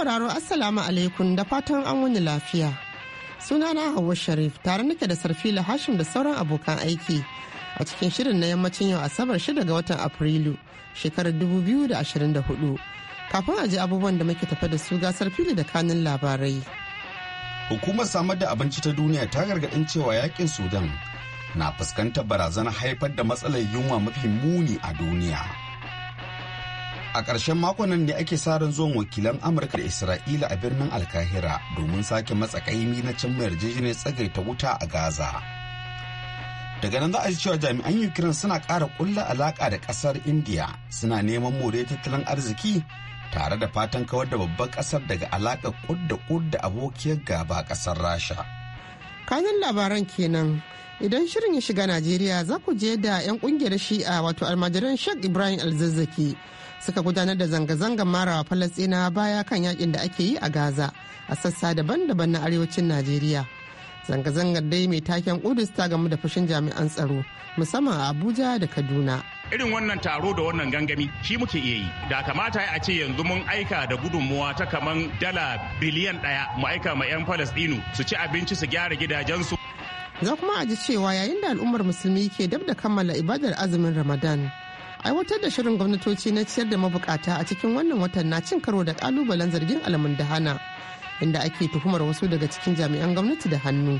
sauraro Assalamu alaikum da fatan an wani lafiya. Sunana Hauwa Sharif tare nake da Sarfila Hashim da sauran abokan aiki a cikin shirin na yammacin yau Asabar 6 ga watan Afrilu shekarar 2024. Kafin a ji abubuwan da muke tafe da su ga Sarfila da kanin labarai. Hukumar samar da abinci ta duniya ta gargaɗin cewa yakin Sudan na fuskantar barazanar haifar da matsalar yunwa mafi muni a duniya. a ƙarshen makon nan ne ake sa ran zuwan wakilan amurka da isra'ila a birnin alkahira domin sake matsa matsakaimi na cin mayar jijiyar tsagai ta wuta a gaza daga nan za a ji cewa jami'an ukraine suna ƙara ƙulla alaƙa da ƙasar india suna neman more tattalin arziki tare da fatan kawar da babbar ƙasar daga alaƙar ƙudda ƙudda abokiyar gaba ƙasar rasha kanin labaran kenan idan shirin ya shiga najeriya za ku je da 'yan ƙungiyar shi'a wato almajiran sheikh ibrahim alzazzaki suka gudanar da zanga-zangar marawa falastina baya kan yakin da ake yi a gaza a sassa daban-daban na arewacin najeriya zanga-zangar dai mai taken kudus ta gamu da fushin jami'an tsaro musamman a abuja da kaduna irin wannan taro da wannan gangami shi muke iya yi da kamata a ce yanzu mun aika da gudunmuwa ta kaman dala biliyan ɗaya mu aika ma 'yan falastinu su ci abinci su gyara gidajensu za kuma a ji cewa yayin da al'ummar musulmi ke dab da kammala ibadar azumin ramadan aiwatar da shirin gwamnatoci na ciyar da mabukata a cikin wannan watan na cin karo da kalubalen zargin almundahana inda ake tuhumar wasu daga cikin jami'an gwamnati da hannu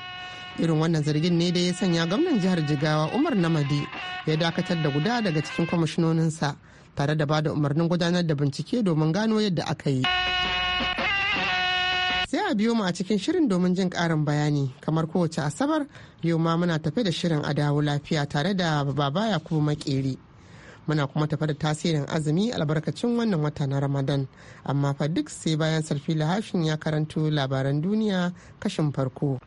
irin wannan zargin ne da ya sanya gwamnan jihar jigawa umar namadi ya dakatar da guda daga cikin kwamishinoninsa tare da bada umarnin gudanar da bincike domin gano yadda aka yi sai a biyo mu a cikin shirin domin jin karin bayani kamar kowace asabar yau ma muna tafe da shirin a dawo lafiya tare da baba kuma makeri muna kuma tafa da tasirin azumi albarkacin wannan wata na ramadan amma fa duk sai bayan sarfi lahashin ya karanto labaran duniya kashin farko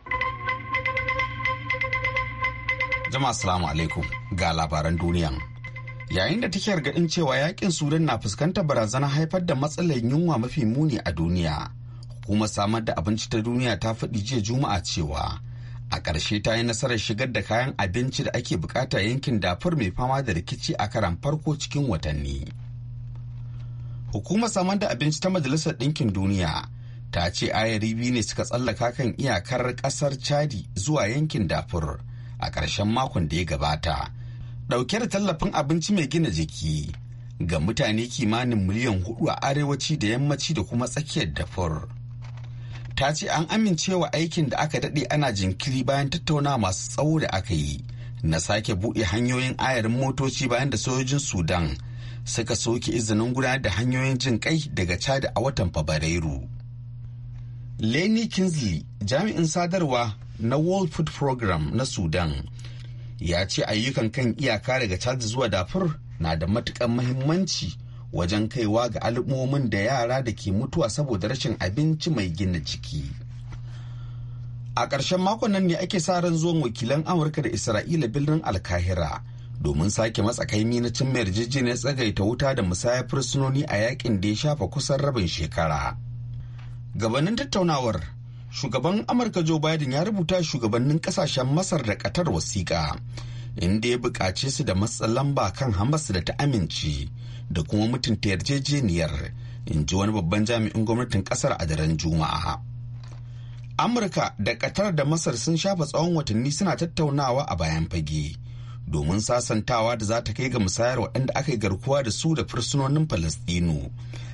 jama'a asalamu alaikum ga labaran duniya yayin da take gargadin cewa yakin sudan na fuskantar barazanar haifar da matsalar yunwa mafi muni a duniya hukumar samar da abinci ta duniya ta faɗi jiya juma'a cewa a ƙarshe ta yi nasarar shigar da kayan abinci da ake bukata yankin dafur mai fama da rikici a karan farko cikin watanni hukumar samar da abinci ta majalisar ɗinkin duniya ta ce ayari biyu ne suka tsallaka kan iyakar ƙasar chadi zuwa yankin dafur a ƙarshen makon da ya gabata ɗauke da tallafin abinci mai gina jiki ga mutane kimanin miliyan hudu a arewaci da yammaci da kuma tsakiyar dafur. ta ce an amincewa aikin da aka daɗe ana jinkiri bayan tattauna masu tsawo da aka yi na sake buɗe hanyoyin ayarin motoci bayan da sojojin sudan suka soke izinin gudanar da hanyoyin jin kai daga chad a watan fabrairu Leni kinsley jami'in sadarwa na world food program na sudan ya ce ayyukan kan iyaka daga chad zuwa dafur na da matukan mahimmanci wajen kaiwa ga al'ummomin da yara da ke mutuwa saboda rashin abinci mai gina jiki. A ƙarshen makon nan ne ake sa ran zuwan wakilan Amurka da Isra'ila birnin Alkahira domin sake matsa matsakaimi na cin yarjejeniyar tsagaita wuta da musayar fursunoni a yakin da ya shafa kusan rabin shekara. Gabanin tattaunawar, shugaban Amurka Joe Biden ya rubuta shugabannin ƙasashen Masar da Qatar wasiƙa. inda ya buƙace su da matsa lamba kan hamas da ta amince da kuma mutunta yarjejeniyar in ji wani babban jami'in gwamnatin ƙasar a daren juma'a amurka da ƙatar da masar sun shafa tsawon watanni suna tattaunawa a bayan fage domin sasantawa da za ta kai ga musayar waɗanda aka yi garkuwa da su da fursunonin falastinu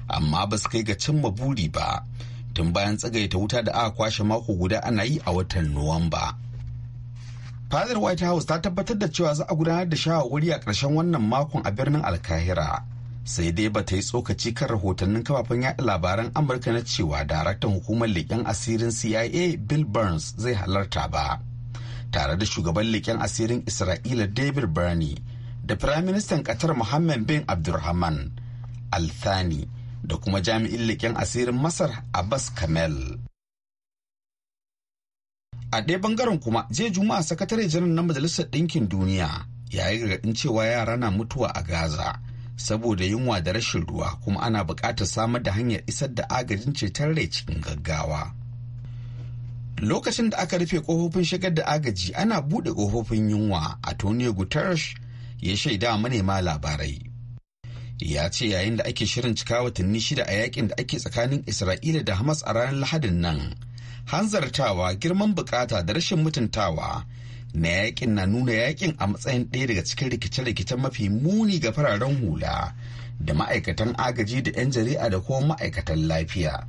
amma ba su kai ga cimma buri ba tun bayan tsagaita wuta da aka kwashe mako guda ana yi a watan nuwamba. fadar white house ta tabbatar da cewa za a gudanar da shawarwari a ƙarshen wannan makon a birnin alkahira sai dai ba ta yi tsokaci kan rahotannin kafafen yada labaran amurka na cewa daraktan hukumar leƙen asirin cia bill burns zai halarta ba tare da shugaban leƙen asirin isra'ila david burney da firaministan qatar muhammad bin abdulrahman althani da kuma jami'in leƙen asirin masar abbas kamel a ɗaya bangaren kuma jiya juma'a sakatare janar na majalisar ɗinkin duniya ya yi gargaɗin cewa yara na mutuwa a gaza saboda yunwa da rashin ruwa kuma ana buƙatar samar da hanyar isar da agajin ceton rai cikin gaggawa lokacin da aka rufe ƙofofin shigar da agaji ana buɗe ƙofofin yunwa tony guterres ya shaida manema labarai ya ce yayin da ake shirin cika watanni shida a yakin da ake tsakanin isra'ila da hamas a ranar lahadin nan hanzartawa girman bukata da rashin mutuntawa na yakin na nuna yakin a matsayin ɗaya daga cikin rikice-rikice mafi muni ga fararen hula da ma'aikatan agaji da 'yan jari'a da kuma ma'aikatan lafiya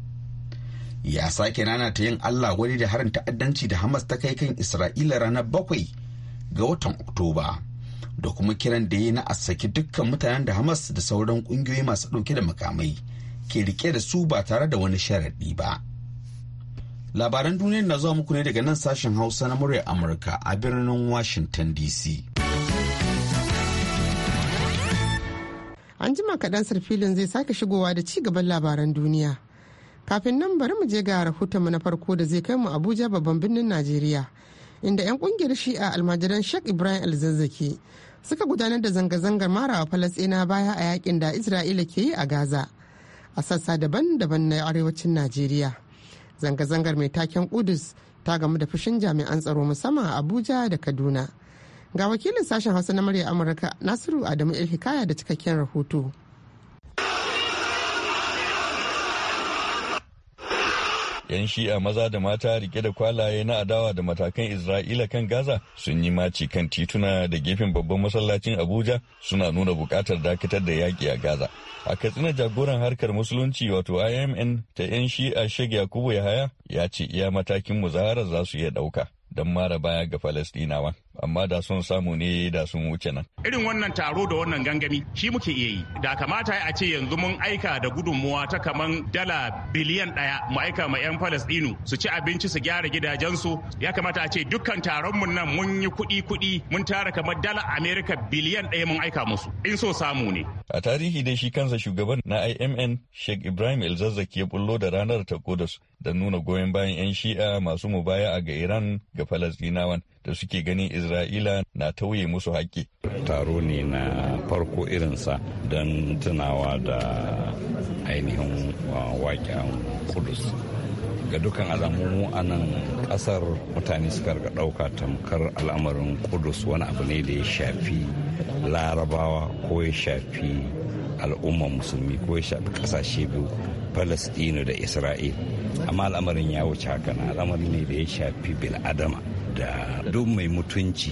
ya sake nana ta yin allah wani da harin ta'addanci da hamas ta kai kan isra'ila ranar bakwai ga watan oktoba da kuma kiran da ya na a saki dukkan mutanen da hamas da sauran kungiyoyi masu ɗauke da makamai ke rike da su ba tare da wani sharaɗi ba. Labaran Duniya na zuwa muku ne daga nan sashen Hausa na muryar Amurka a birnin Washington DC. An jima kaɗan filin zai sake shigowa da ci gaban labaran duniya. Kafin nan bari mu je ga rahotonmu na farko da zai kai mu Abuja babban birnin Najeriya. Inda 'yan kungiyar shi'a almajiran Sheikh Ibrahim Alzazzaki suka gudanar da zanga-zangar marawa Falasɗina baya a yakin da Isra'ila ke yi a Gaza a sassa daban-daban na arewacin Najeriya. zanga-zangar mai taken kudus ta gamu da fushin jami'an tsaro musamman a abuja da kaduna ga wakilin sashen hausa na murya amurka nasiru adamu ilhikaya da cikakken rahoto 'yan shi'a maza da mata rike da kwalaye na adawa da matakan isra'ila kan gaza sun yi maci kan tituna da gefen babban masallacin abuja suna nuna bukatar dakatar da yaƙi a gaza a katsina jagoran harkar musulunci wato imn ta 'yan shi'a shag yakubu yahaya ya ce iya matakin muzaharar za su iya ɗauka don mara baya ga Falasɗinawa. Amma da sun samu ne da sun wuce nan. Irin wannan taro da wannan gangami shi muke iya yi. Da kamata a ce yanzu mun aika da gudunmuwa ta kaman dala biliyan ɗaya mu aika ma 'yan falastinu su ci abinci su gyara gidajensu. Ya kamata a ce dukkan taron mun nan mun yi kuɗi kuɗi mun tara kamar dala Amerika biliyan ɗaya mun aika musu. In so samu ne. A tarihi dai shi kansa shugaban na IMN Sheikh Ibrahim Elzazzaki ya bullo da ranar ta su. da nuna goyon bayan 'yan shi'a masu a ga Iran ga falasdinawan da suke ganin Isra'ila na tauye musu haƙƙi. Taro ne na farko irinsa don tunawa da ainihin ah, waƙen Kudus. ga dukkan alamu a nan kasar mutane suka ga ɗauka tamkar al'amarin kudus wani abu ne da ya shafi larabawa ko ya shafi al'ummar musulmi ko ya shafi kasashe biyu palestino da isra'il amma al'amarin ya wuce haka na al'amari ne da ya shafi bil'adama da duk mai mutunci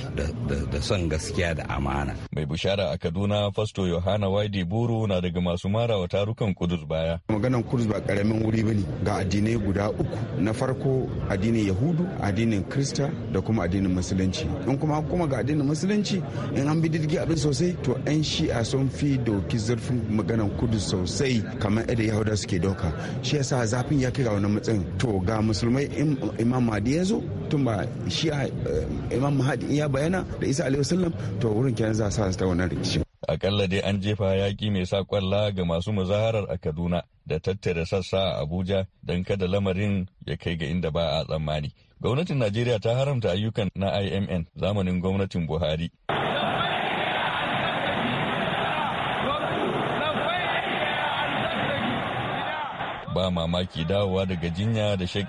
da son gaskiya da amana. Mai bishara a Kaduna Fasto Yohana Waidi Buru na daga masu mara wa tarukan Kudus baya. Maganan Kudus ba karamin wuri bane ga addinai guda uku. Na farko addinin Yahudu, addinin Krista da kuma addinin Musulunci. In kuma kuma ga addinin Musulunci in an bi didigi abin sosai to 'yan shi'a sun fi doki zurfin maganan Kudus sosai kamar yadda Yahuda suke doka. Shi yasa zafin ya kai ga wannan matsayin. To ga musulmai Imam Mahdi ya zo tun ba shi eh, imam mahadi ya bayana da isa alaihi wasallam to wurin kenan za sa ta wannan rikicin akalla dai an jefa yaƙi mai sa kwalla ga masu muzaharar a kaduna da tattara sassa a abuja don kada lamarin ya kai ga inda ba a tsammani gwamnatin najeriya ta haramta ayyukan na imn zamanin gwamnatin buhari ba mamaki dawowa daga jinya da sheikh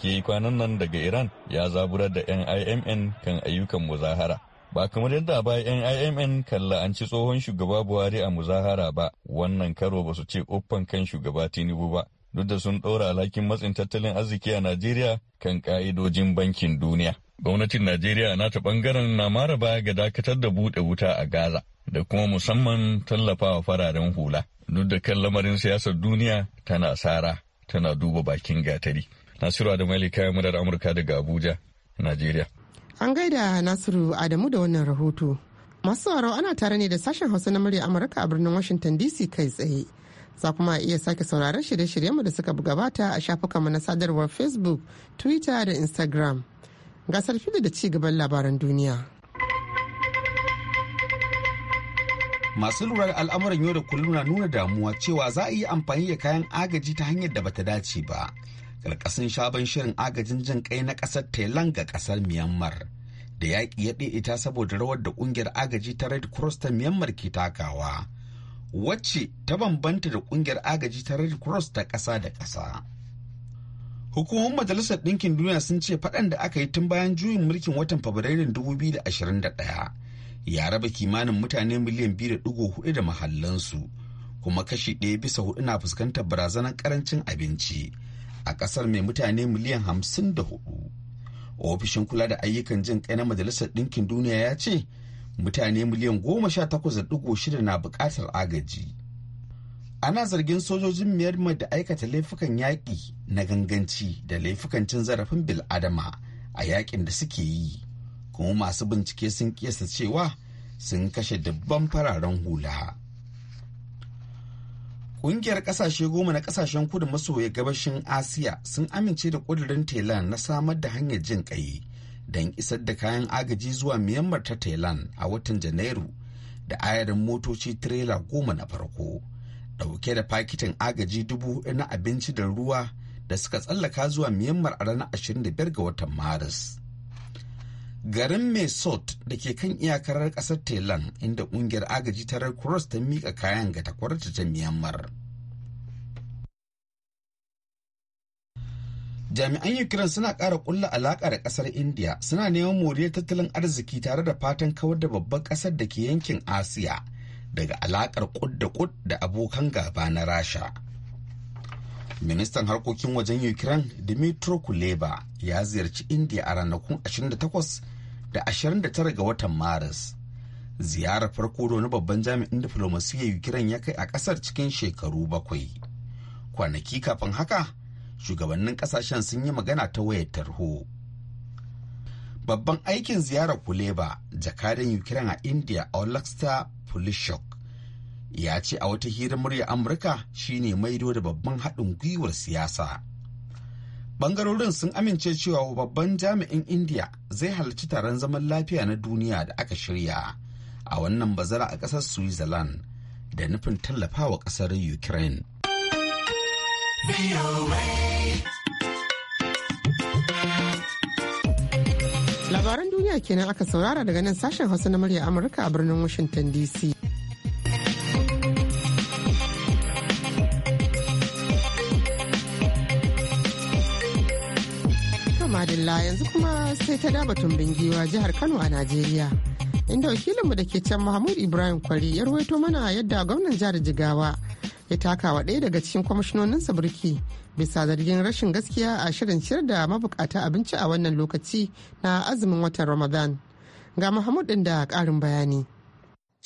ke kwanan nan daga iran ya zaburar da yan imn kan ayyukan muzahara ba kamar yadda ba yan imn kan la'anci tsohon shugaba buhari a muzahara ba wannan karo ba su ce uffan kan shugaba tinubu ba duk da sun ɗora alhakin matsin tattalin arziki a najeriya kan ka'idojin bankin duniya gwamnatin najeriya na ta bangaren na mara baya ga dakatar da buɗe wuta a gaza da kuma musamman tallafawa fararen hula duk da kan lamarin siyasar duniya tana sara tana duba bakin gatari nasiru adamali kayan murar amurka daga abuja najeriya an gaida nasiru adamu da wannan rahoto masu sauraro ana tare ne da sashen hausa na murya amurka a birnin washington dc kai tsaye za kuma iya sake sauraron shirye mu da suka gabata a shafukanmu na sadarwar facebook twitter da instagram gasar fili da ci gaban labaran duniya. masu lura da al'amuran yau da kullum na nuna damuwa cewa za a yi amfani da kayan agaji ta hanyar da bata dace ba karkasin shaban shirin agajin jin kai na kasar thailand ga kasar myanmar da yaƙi ya ɗe ita saboda rawar da ƙungiyar agaji ta red cross ta myanmar ke takawa wacce ta bambanta da ƙungiyar agaji ta red cross ta ƙasa da ƙasa hukumomin majalisar ɗinkin duniya sun ce faɗan da aka yi tun bayan juyin mulkin watan fabrairun 2021 ya raba kimanin mutane miliyan biyu da hudu da mahallansu kuma kashi ɗaya bisa hudu na fuskantar barazanar karancin abinci a ƙasar mai mutane miliyan hamsin da hudu. ofishin kula da ayyukan jin kai na majalisar ɗinkin duniya ya ce mutane miliyan goma sha takwas da shida na buƙatar agaji ana zargin sojojin myanmar da aikata laifukan yaƙi na ganganci da laifukan cin zarafin bil'adama a yaƙin da suke yi kuma masu bincike sun kiyasta cewa sun kashe dubban fararen hula. Ƙungiyar ƙasashe goma na ƙasashen kudu maso gabashin Asiya sun amince da ƙudurin Thailand na samar da hanyar jin ƙai don isar da kayan agaji zuwa Myanmar ta Thailand a watan Janairu da ayarin motoci tirela goma na farko ɗauke da fakitin agaji dubu na abinci da ruwa da suka tsallaka zuwa Myanmar a ranar 25 ga watan Maris. garin Mesot da ke kan iyakarar kasar telan inda kungiyar agaji ta Red Cross ta mika kayan ga takwarta ta Myanmar. Jami'an Ukraine suna ƙara ƙulla alaƙa da ƙasar India suna neman moriyar tattalin arziki tare da fatan kawar da babban ƙasar da ke yankin Asiya daga alaƙar kud da kud da abokan gaba na Rasha. ministan harkokin wajen ukraine dimitro kuleba ya ziyarci india a ranakun 28 da 29 ga watan maris ziyarar farko da wani babban jami'in diflomasiyya ukraine ya kai a kasar cikin shekaru bakwai kwanaki kafin haka shugabannin kasashen sun yi magana ta wayar tarho babban aikin ziyarar kuleba jakadan ukraine a india olaxta Shok ya ce a wata hirar murya amurka shine maido da babban haɗin gwiwar siyasa bangarorin sun amince cewa babban jami'in india zai halarci taron zaman lafiya na duniya da aka shirya a wannan bazara a ƙasar switzerland da nufin tallafawa ƙasar ukraine labaran duniya kenan aka saurara daga nan sashen hausa na murya amurka a birnin washington dc madalla yanzu kuma sai ta dabatun bingiwa jihar Kano a Najeriya. Inda wakilinmu da ke can Mahmud Ibrahim Kwari ya rawaito mana yadda gwamnan jihar Jigawa ya taka wa ɗaya daga cikin kwamishinonin birki bisa zargin rashin gaskiya a shirin ciyar da mabukata abinci a wannan lokaci na azumin watan Ramadan. Ga Mahmud ɗin da ƙarin bayani.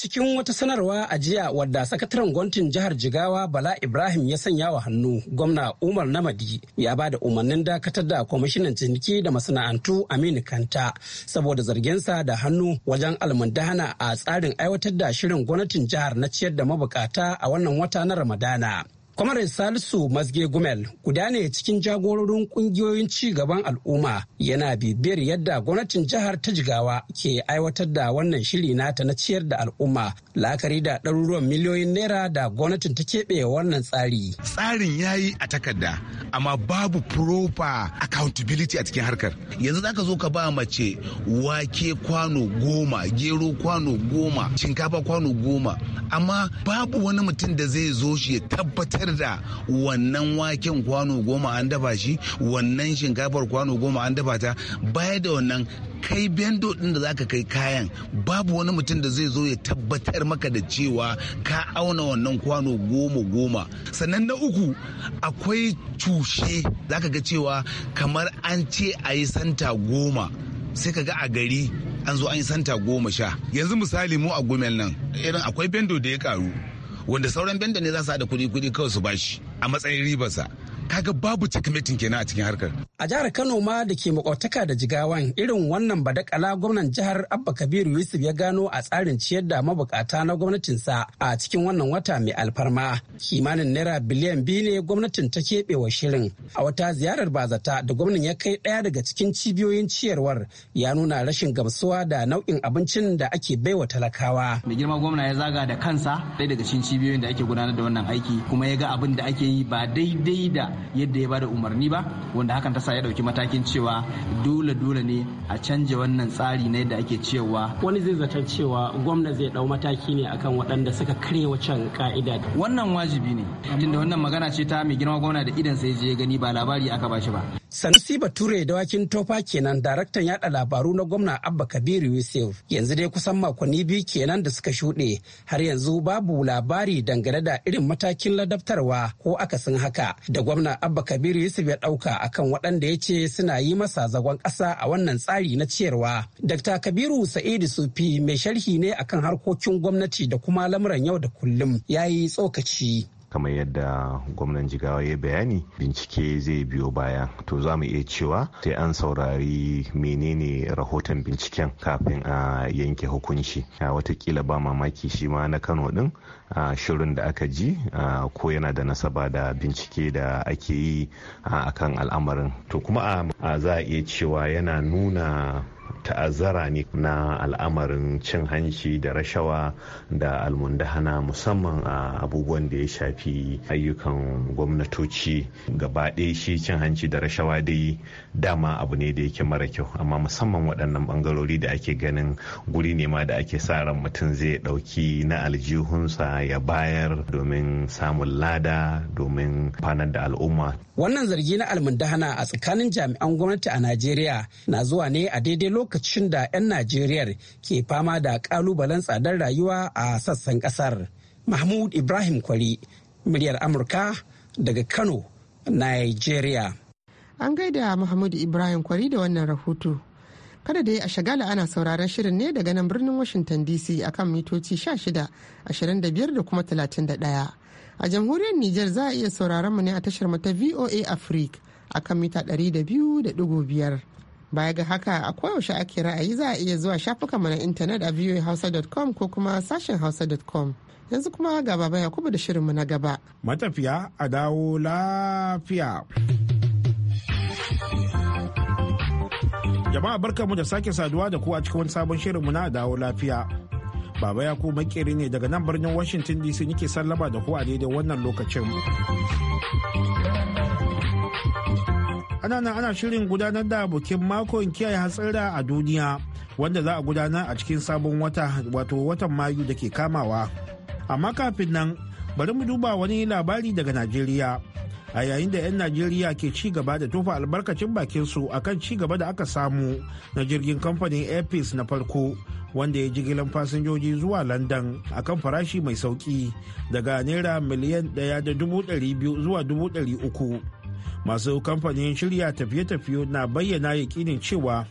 cikin wata sanarwa a jiya wadda sakataren gwamnatin jihar jigawa bala ibrahim ya sanya wa hannu gwamna umar namadi ya ba da umarnin dakatar da kwamishinan ciniki da masana'antu aminu kanta saboda zarginsa da hannu wajen almundahana a tsarin aiwatar da shirin gwamnatin jihar na ciyar da mabukata a wannan wata na ramadana Kwamarin Salisu Mazge Gumel guda ne cikin jagororin kungiyoyin ci gaban al'umma yana bibiyar yadda gwamnatin jihar ta jigawa ke aiwatar da wannan shiri nata na ciyar da al'umma la'akari da ɗaruruwan miliyoyin naira da gwamnatin ta keɓe wannan tsari. Tsarin ya yi a takarda amma babu proper accountability a cikin harkar. Yanzu zaka zo ka ba mace wake kwano goma, gero kwano goma, shinkafa kwano goma, amma babu wani mutum da zai zo shi ya tabbatar da wannan waken kwano goma an dafa shi wannan shinkafar kwano goma an dafa ta baya da wannan kai bendo din da zaka kai kayan babu wani mutum da zai zo ya tabbatar maka da cewa ka auna wannan kwano goma goma sannan na uku akwai cushe zaka ga cewa kamar an ce a yi santa goma sai ka ga a gari an zo an yi santa goma sha yanzu misali mu a gomel nan irin akwai bendo da ya karu wanda sauran benda ne za su haɗa kuɗi kuɗi kawai su bashi a matsayin ribarsa kaga babu cikin kenan a cikin harkar a jihar kano ma da ke makwataka da jigawan irin wannan badakala gwamnan jihar abba kabiru yusuf ya gano a tsarin ciyar da mabukata na gwamnatinsa a cikin wannan wata mai alfarma kimanin naira biliyan biyu ne gwamnatin ta keɓe wa shirin a wata ziyarar bazata da gwamnan ya kai ɗaya daga cikin cibiyoyin ciyarwar ya nuna rashin gamsuwa da nau'in abincin da ake baiwa talakawa mai girma gwamna ya zaga da kansa ɗaya daga cikin cibiyoyin da ake gudanar da wannan aiki kuma ya ga abin da ake yi ba daidai da yadda ya bada umarni ba wanda hakan ta sa ya dauki matakin cewa dole dole ne a canja wannan tsari na yadda ake cewa wani zai zata cewa gwamna zai dau mataki ne akan waɗanda suka karya wacan ka'ida wannan wajibi ne tunda wannan magana ce ta mai girma gwamna da idan sai je gani ba labari aka bashi ba Sanusi Bature da wakin tofa kenan daraktan yada labaru na gwamna Abba Kabiru Yusuf yanzu dai kusan makonni biyu kenan da suka shuɗe har yanzu babu labari dangane da irin matakin ladabtarwa ko akasin haka da gwamna Abba Kabiru Yusuf ya ɗauka akan waɗanda ya ce suna yi masa zagon ƙasa a wannan tsari na ciyarwa. Dr. Kabiru Sa'idu Sufi mai sharhi ne akan harkokin gwamnati da kuma lamuran yau da kullum ya yi tsokaci. kamar yadda gwamnan jigawa ya bayani bincike zai biyo baya to za mu iya cewa sai an saurari menene rahoton binciken kafin a yanke hukunci A watakila ba mamaki shi ma na kano din shirin da aka ji ko yana da nasaba da bincike da ake yi a kan al'amarin to kuma a za a iya cewa yana nuna ta'azzara ne na al'amarin cin hanci da rashawa da almundahana musamman a abubuwan da ya shafi ayyukan gwamnatoci gaba ɗaya shi cin hanci da rashawa dai dama abu ne da yake mara kyau amma musamman waɗannan bangarori da ake ganin guri ne ma da ake sa ran mutum zai ɗauki na aljihunsa ya bayar domin samun lada domin fanar da al'umma. Wannan zargi na almundahana a tsakanin jami'an gwamnati a Najeriya na zuwa ne a daidai lokacin lokacin da 'yan Najeriya ke fama da kalubalen tsadar rayuwa a sassan kasar. Mahmud Ibrahim Kwari, muryar Amurka daga Kano, Nigeria. An gaida Mahmud Ibrahim Kwari da wannan rahoto. Kada da a shagala ana sauraron shirin ne daga nan birnin Washington DC akan mitoci 16, 25 da kuma 31. A jamhuriyar Nijar za a iya sauraron mu ne a tashar mata VOA Africa akan mita 200.5. Baya ga haka a koyaushe ake ra'ayi za a iya zuwa shafukanmu na intanet a voahausa.com ko kuma sashen hausa.com. Yanzu kuma ga baba Yakubu da shirinmu na gaba. Matafiya a dawo lafiya. Jama'a barkanmu da sake saduwa da ku a cikin wani sabon shirinmu na dawo lafiya. Baba Yakubu makeri ne daga nan birnin Washington DC nike sallaba da ku daidai wannan lokacin. ana nan ana shirin gudanar da bikin makon kiyaye hatsira a duniya wanda za a gudanar a cikin sabon wata wato watan mayu da ke kamawa amma kafin nan bari mu duba wani labari daga najeriya a yayin da 'yan najeriya ke ci gaba da tofa albarkacin bakin su akan ci gaba da aka samu na jirgin kamfanin airpeace na farko wanda ya jigilan fasinjoji zuwa london akan farashi mai sauki daga naira miliyan da 1.200 zuwa uku. masu kamfanin shirya tafiye-tafiye na bayyana yakinin cewa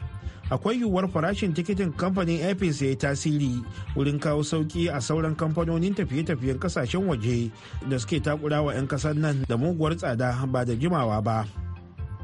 akwai yiwuwar farashin tikitin kamfanin airpins ya yi tasiri wurin kawo sauki a sauran kamfanonin tafiye-tafiyen kasashen waje da suke takurawa 'yan kasar nan da muguwar tsada ba da jimawa ba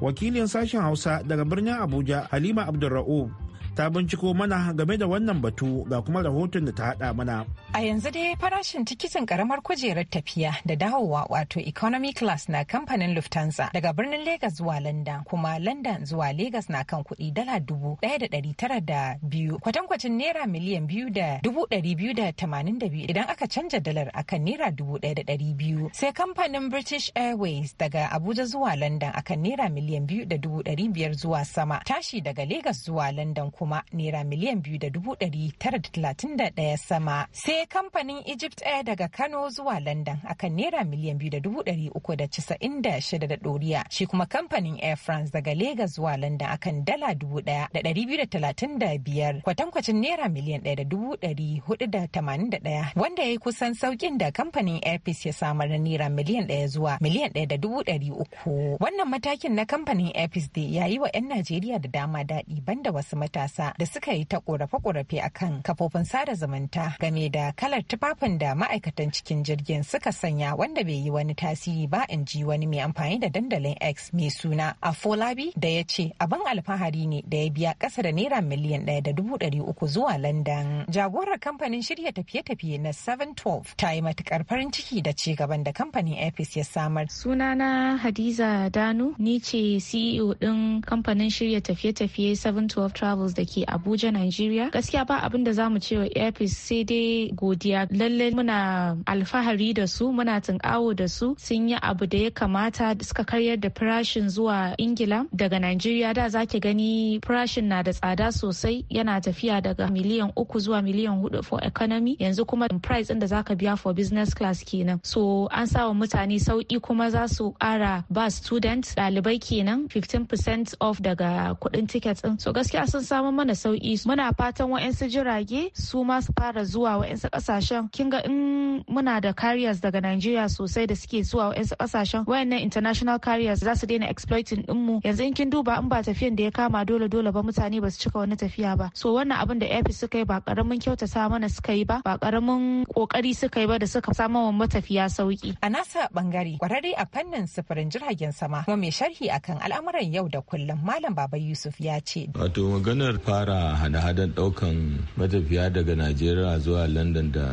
wakilin sashen hausa daga birnin abuja halima abdulra'ub ta binciko mana game da wannan batu ga kuma rahoton da ta hada mana. A yanzu dai farashin tikitin karamar kujerar tafiya da dawowa wato economy class na kamfanin Lufthansa daga birnin Legas zuwa London kuma London zuwa Legas na kan kuɗi dala dubu ɗaya da ɗari tara da biyu kwatankwacin naira miliyan biyu da dubu ɗari biyu da tamanin da biyu idan aka canja dalar akan naira dubu ɗaya da ɗari biyu sai kamfanin British Airways daga Abuja zuwa London akan naira miliyan biyu da dubu ɗari biyar zuwa sama tashi daga Legas zuwa London kuma kuma naira miliyan biyu da dubu dari tara da talatin da ɗaya sama. Sai kamfanin Egypt Air daga Kano zuwa London akan naira miliyan biyu da dubu dari uku da casa'in da shida da ɗoriya. Shi kuma kamfanin Air France daga Lagos zuwa London akan dala dubu ɗaya da ɗari biyu da talatin da biyar. Kwatankwacin naira miliyan ɗaya da dubu ɗari hudu da tamanin da ɗaya wanda ya yi kusan saukin da kamfanin Airpeace ya samar na naira miliyan ɗaya zuwa miliyan ɗaya da dubu ɗari uku. Wannan matakin na kamfanin Airpeace dai ya yi wa 'yan Najeriya da dama daɗi banda wasu matasa ƙasa da suka yi ta ƙorafe-ƙorafe a kan kafofin sada zumunta game da kalar tufafin da ma'aikatan cikin jirgin suka sanya wanda bai yi wani tasiri ba in ji wani mai amfani da dandalin X mai suna Afolabi da ya ce abin alfahari ne da ya biya ƙasa da naira miliyan ɗaya da dubu ɗari uku zuwa London. Jagorar kamfanin shirya tafiye-tafiye na 712 ta yi matukar farin ciki da ci gaban da kamfanin Apis ya samar. suna na Hadiza Danu ni ce CEO ɗin kamfanin shirya tafiye-tafiye 712 Travels da ke Abuja, Nigeria. Gaskiya ba abin da za mu ce wa Airpeace sai dai godiya. Lallai muna alfahari da su, muna tunkawo da su, sun yi abu da ya kamata suka karyar da farashin zuwa Ingila daga Nigeria da za gani farashin na da tsada sosai yana tafiya daga miliyan uku zuwa miliyan hudu for economy yanzu kuma price ɗin da zaka biya for business class kenan. So an sa wa mutane sauki kuma za su ƙara ba student ɗalibai kenan 15% off daga kuɗin tickets ɗin. So gaskiya sun samu mana sauki muna fatan wa'yansu jirage su ma su fara zuwa wa'yansu kasashen kin in muna da carriers daga Najeriya sosai da suke zuwa wa'yansu kasashen wayannan international carriers za su daina exploiting ɗinmu yanzu in kin duba in ba tafiyan da ya kama dole dole ba mutane ba su cika wani tafiya ba so wannan abin da airfield suka yi ba karamin kyautata mana suka yi ba ba karamin kokari suka yi ba da suka samu matafiya sauki a nasa bangare kwararre a fannin sufurin jiragen sama kuma mai sharhi akan al'amuran yau da kullum malam baba yusuf ya ce wato maganar fara hada hadar daukan matafiya daga najeriya zuwa london da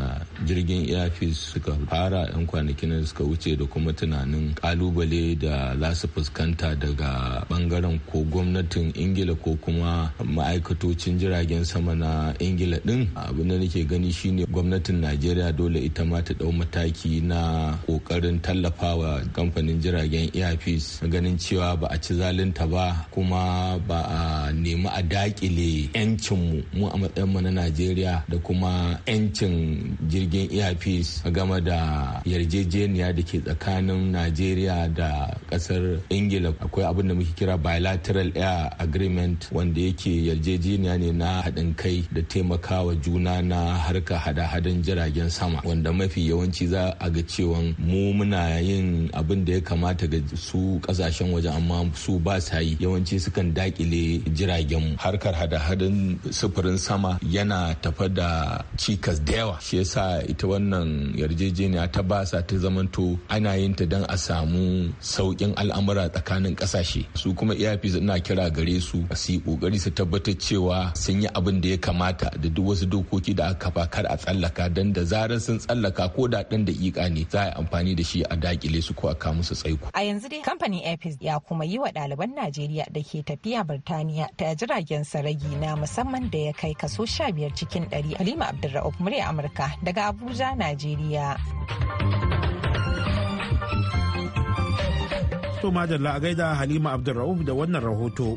jirgin airfield suka fara 'yan kwanakin da suka wuce da kuma tunanin kalubale da za su fuskanta daga bangaren ko gwamnatin ingila ko kuma ma'aikatocin jiragen sama na ingila din abin da nake gani shine gwamnatin najeriya dole ita ma ta dau mataki na kokarin tallafawa kamfanin jiragen airfield ganin cewa ba a ci zalunta ba kuma ba a nemi a dakile kare yancinmu mu a mu na najeriya da kuma yancin jirgin a game da yarjejeniya da ke tsakanin najeriya da kasar ingila akwai abin da muke kira bilateral air agreement wanda yake yarjejeniya ne na haɗin kai da taimakawa juna na harka hada-hadan jiragen sama wanda mafi yawanci za a ga cewa mu muna yin abin da ya kamata ga su kasashen waje amma su ba sa yi yawanci sukan dakile jiragen harkar hada-hadan sufurin sama yana tafa da cikas da yawa shi yasa ita wannan yarjejeniya ta basa ta zamanto ana yin ta don a samu saukin al'amura tsakanin kasashe. su kuma iyafis ina kira gare su su yi ƙoƙari su tabbatar cewa sun yi abin da ya kamata da duk wasu dokoki da aka kafa kar a tsallaka don da zarar sun tsallaka ko da ɗan daƙiƙa ne za a yi amfani da shi a daƙile su ko a kawo musu tsaiko. A yanzu dai kamfanin Airpeace ya kuma yi wa ɗaliban Najeriya da ke tafiya Birtaniya ta jiragen sarai ragi na musamman da ya kai kaso 15 cikin 100 halima abdulra'uf murya amurka daga abuja najeriya to madalla a gaida halima abdulra'uf da wannan rahoto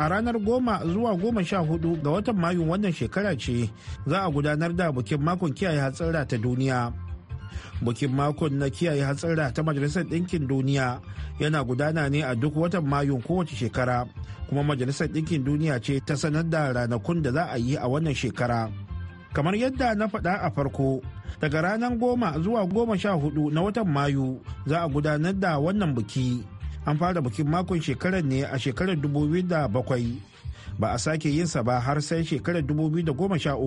a ranar goma zuwa goma sha hudu ga watan mayu wannan shekara ce za a gudanar da bukin makon kiyaye hatsara ta duniya bukin makon na kiyaye hatsara ta majalisar ɗinkin duniya yana gudana ne a duk watan mayun kowace shekara kuma majalisar ɗinkin duniya ce ta sanar da ranakun da za a yi a wannan shekara kamar yadda na faɗa a farko daga ranar goma zuwa goma sha hudu na watan mayu za a gudanar da wannan biki. an fara bukin makon shekarar ne a shekarar dubu da bakwai. ba a sake yinsa ba har sai shekarar 2013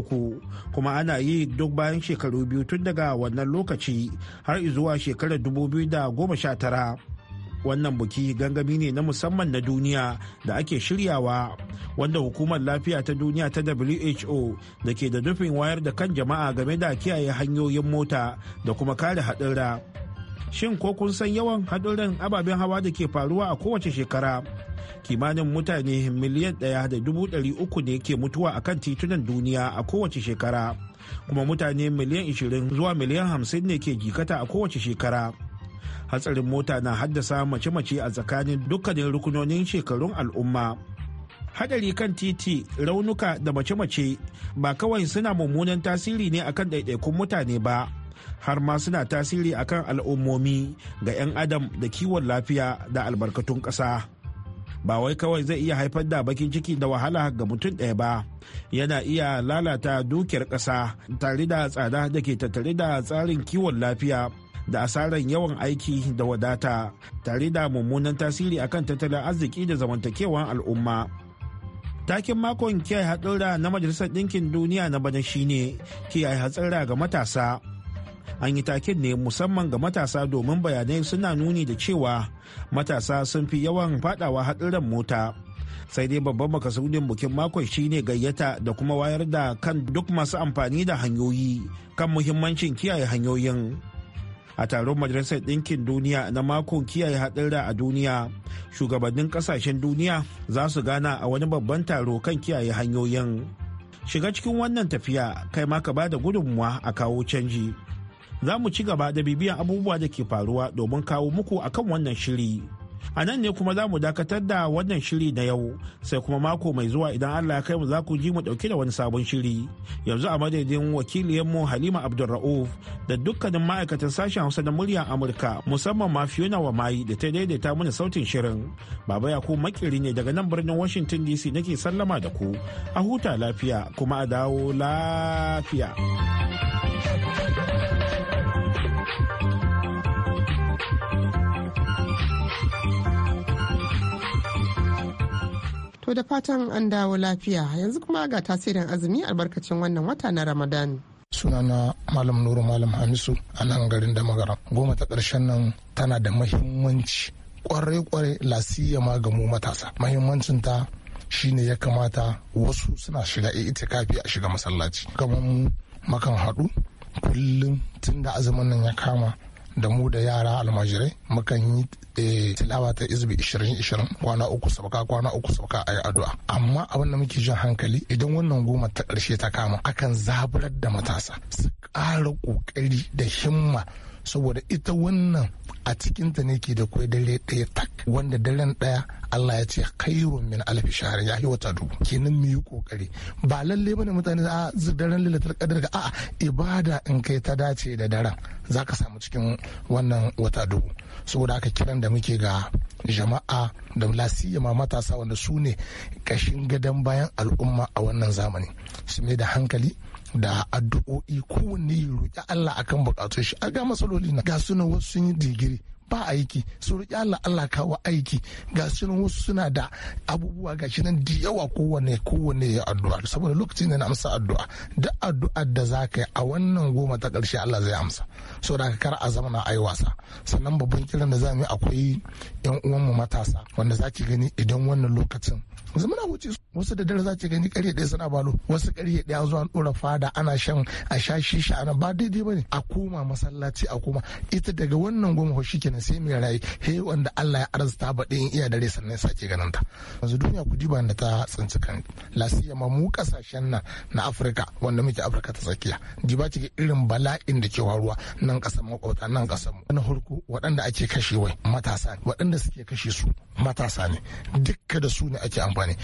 kuma ana yi duk bayan shekaru biyu tun daga wannan lokaci har zuwa shekarar 2019 wannan buki gangami ne na musamman na duniya da ake shiryawa wanda hukumar lafiya ta duniya ta who da ke da nufin wayar da kan jama'a game da kiyaye hanyoyin mota da kuma kare haɗura shin ko kun san yawan hadurin ababen hawa da ke faruwa a kowace shekara kimanin mutane miliyan ɗaya da dubu ɗari uku ne ke mutuwa a kan titunan duniya a kowace shekara kuma mutane miliyan ishirin zuwa miliyan hamsin ne ke jikata a kowace shekara hatsarin mota na haddasa mace-mace a tsakanin dukkanin rukunonin shekarun al'umma hadari kan titi raunuka da mace-mace ba kawai suna mummunan tasiri ne akan ɗaiɗaikun mutane ba har ma suna tasiri akan al'ummomi ga 'yan adam da kiwon lafiya da albarkatun ƙasa ba wai kawai zai iya haifar da bakin ciki da wahala ga mutum ɗaya ba yana iya lalata dukiyar ƙasa tare da tsada da ke tattare da tsarin kiwon lafiya da asarar yawan aiki da wadata tare da mummunan tasiri akan tattalin arziki da zamantakewan al'umma takin makon kiyaye hatsara na majalisar ɗinkin duniya na bana shine kiyaye hatsara ga matasa an yi takin ne musamman ga matasa domin bayanai suna nuni da cewa matasa sun fi yawan fadawa haɗuran mota sai dai babban makasudin bukin makon shine gayyata da kuma wayar da kan duk masu amfani da hanyoyi kan muhimmancin kiyaye hanyoyin a taron majalisar ɗinkin duniya na makon kiyaye haɗura a duniya shugabannin ƙasashen duniya za su gana a wani babban taro kan kiyaye hanyoyin shiga cikin wannan tafiya kai ma ka ba da gudunmuwa a kawo canji za mu ci gaba da bibiyan abubuwa da ke faruwa domin kawo muku akan wannan shiri. A nan ne kuma za mu dakatar da wannan shiri na yau sai kuma mako mai zuwa idan Allah ya kai mu za ku ji mu dauke da wani sabon shiri. Yanzu a madadin wakiliyanmu Halima Abdulra'uf da dukkanin ma'aikatan sashen Hausa na muryar Amurka musamman ma Fiona wa mayi da ta daidaita mana sautin shirin. Baba ku makiri ne daga nan birnin Washington DC nake sallama da ku. A huta lafiya kuma a dawo lafiya. To da fatan an dawo lafiya yanzu kuma ga tasirin azumi albarkacin wannan wata na Ramadan. sunana malam nuru malam hamisu a nan garin da magara goma ta ƙarshen nan tana da mahimmanci kwarai-kwarai lasiya ma ga mu matasa mahimmancin ta shine ya kamata wasu suna shiga ita itikafi a shiga masallaci kamar makan haɗu kullum tun da azumin nan ya kama da mu da yara almajirai mukan yi eh, tilawa ta izbi ishirin ishirin kwana uku sabaka kwana uku sabaka a yi addu'a amma abin da muke jin hankali idan wannan goma ta ƙarshe ta kama akan zaburar da matasa su ƙara ƙoƙari da himma saboda ita wannan a cikinta ne ke da kwai dare ɗaya tak wanda daren ɗaya Allah ya ce khairun min alfi shahara ya yi wata dubu kenan mu yi kokari ba lalle bane mutane za a ah, daren lilatar kadar ga a'a ibada in kai ta dace da daren za ka samu cikin wannan wata dubu saboda aka kiran da muke ga jama'a da lasiyama matasa wanda su ne kashin gadon bayan al'umma a wannan zamani su mai da hankali da addu'o'i kowanne ya roƙi Allah akan bukatun shi a ga masaloli na ga suna wasu sun yi digiri ba aiki su riƙe Allah Allah kawo aiki ga sunan wasu suna da abubuwa ga shi nan da yawa kowane kowane ya addu'a saboda lokacin da na amsa addu'a da addu'a da za ka yi a wannan goma ta ƙarshe Allah zai amsa so da ka a zama na ai wasa sannan babban kiran da za mu yi akwai yan uwanmu matasa wanda za ki gani idan wannan lokacin wasu muna wuce wasu da dare za ki gani ƙarya ɗaya suna balo wasu ƙarya ɗaya zuwa an ɗora fada ana shan a sha shisha ana ba daidai ba ne a koma masallaci a koma ita daga wannan goma shi kenan ganin sai mai rayu he wanda Allah ya arzuta ba ɗin iya dare sannan sake ganin ta yanzu duniya ku diba da ta tsinci kan lasiya ma mu kasashen nan na Afirka wanda muke Afirka ta tsakiya diba ce irin bala'in da ke waruwa nan kasar makwabta nan kasar mu na hurku waɗanda ake kashe wai matasa waɗanda suke kashe su matasa ne dukka da su ne ake amfani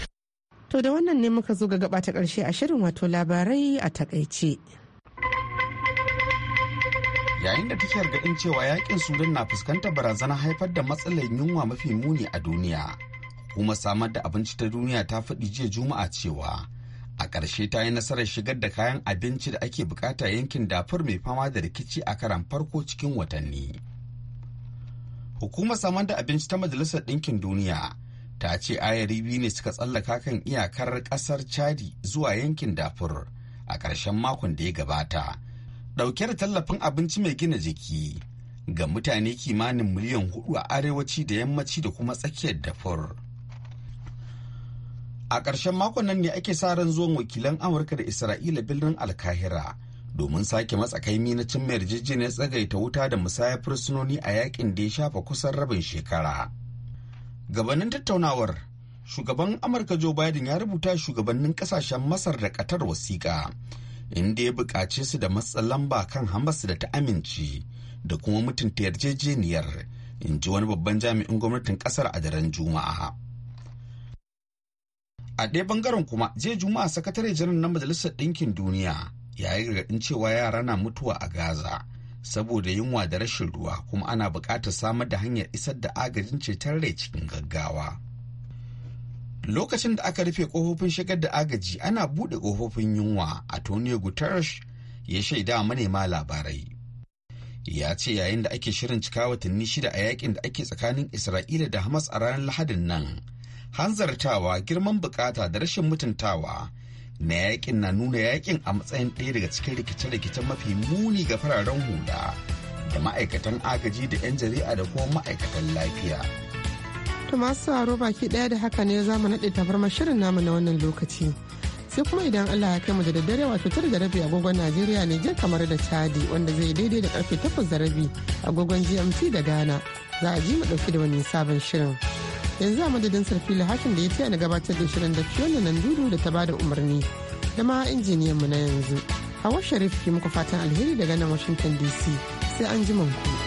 To da wannan ne muka zo ga gaba ta ƙarshe a shirin wato labarai a takaice. yayin da take gargaɗin cewa yakin sudan na fuskantar barazanar haifar da matsalar yunwa mafi muni a duniya kuma samar da abinci ta duniya ta faɗi jiya juma'a cewa a ƙarshe ta yi nasarar shigar da kayan abinci da ake bukata yankin dafur mai fama da rikici a karan farko cikin watanni hukumar samar da abinci ta majalisar ɗinkin duniya ta ce ayari biyu ne suka tsallaka kan iyakar ƙasar chadi zuwa yankin dafur a ƙarshen makon da ya gabata ɗauke da tallafin abinci mai gina jiki ga mutane kimanin miliyan hudu a arewaci da yammaci da kuma tsakiyar dafur. A ƙarshen makon nan ne ake sa ran zuwan wakilan Amurka da Isra'ila birnin Alkahira domin sake matsa matsakaimi na cin mayar jijjiniyar tsagaita wuta da musayar fursunoni a yakin da ya shafa kusan rabin shekara. Gabanin tattaunawar, shugaban Amurka Joe Biden ya rubuta shugabannin kasashen Masar da katar wasiƙa inda ya buƙace su da matsalan lamba kan hamas da ta amince da kuma mutunta yarjejeniyar in ji wani babban jami'in gwamnatin kasar a daren juma'a a ɗaya bangaren kuma je juma'a sakatare janar na majalisar ɗinkin duniya ya yi gargaɗin cewa yara na mutuwa a gaza saboda yunwa da rashin ruwa kuma ana buƙatar samar da hanyar isar da agajin ceton rai cikin gaggawa lokacin da aka rufe kofofin shigar da agaji ana buɗe kofofin yunwa antonio guterres ya shaida manema labarai ya ce yayin da ake shirin cika watanni shida a yakin da ake tsakanin isra'ila da hamas a ranar lahadin nan hanzartawa girman bukata da rashin mutuntawa na yakin na nuna yakin a matsayin ɗaya daga cikin rikice-rikicen mafi muni ga fararen hula da ma'aikatan agaji da 'yan jari'a da kuma ma'aikatan lafiya. To masu saro baki daya da haka ne za mu naɗe tabarmar shirin namu na wannan lokaci. sai kuma idan Allah ya kai mu da daddare wato tara da rabi agogon Najeriya ne jin kamar da Chadi wanda zai daidai da karfe takwas da rabi agogon GMT da Ghana za a ji mu dauki da wani sabon shirin. Yanzu a madadin sarfi lahakin da ya tiya na gabatar da shirin da Fiona nan dudu da ta bada umarni da ma injiniyan mu na yanzu. Hawa Sharif ki muku fatan alheri daga nan Washington DC sai an ji ku.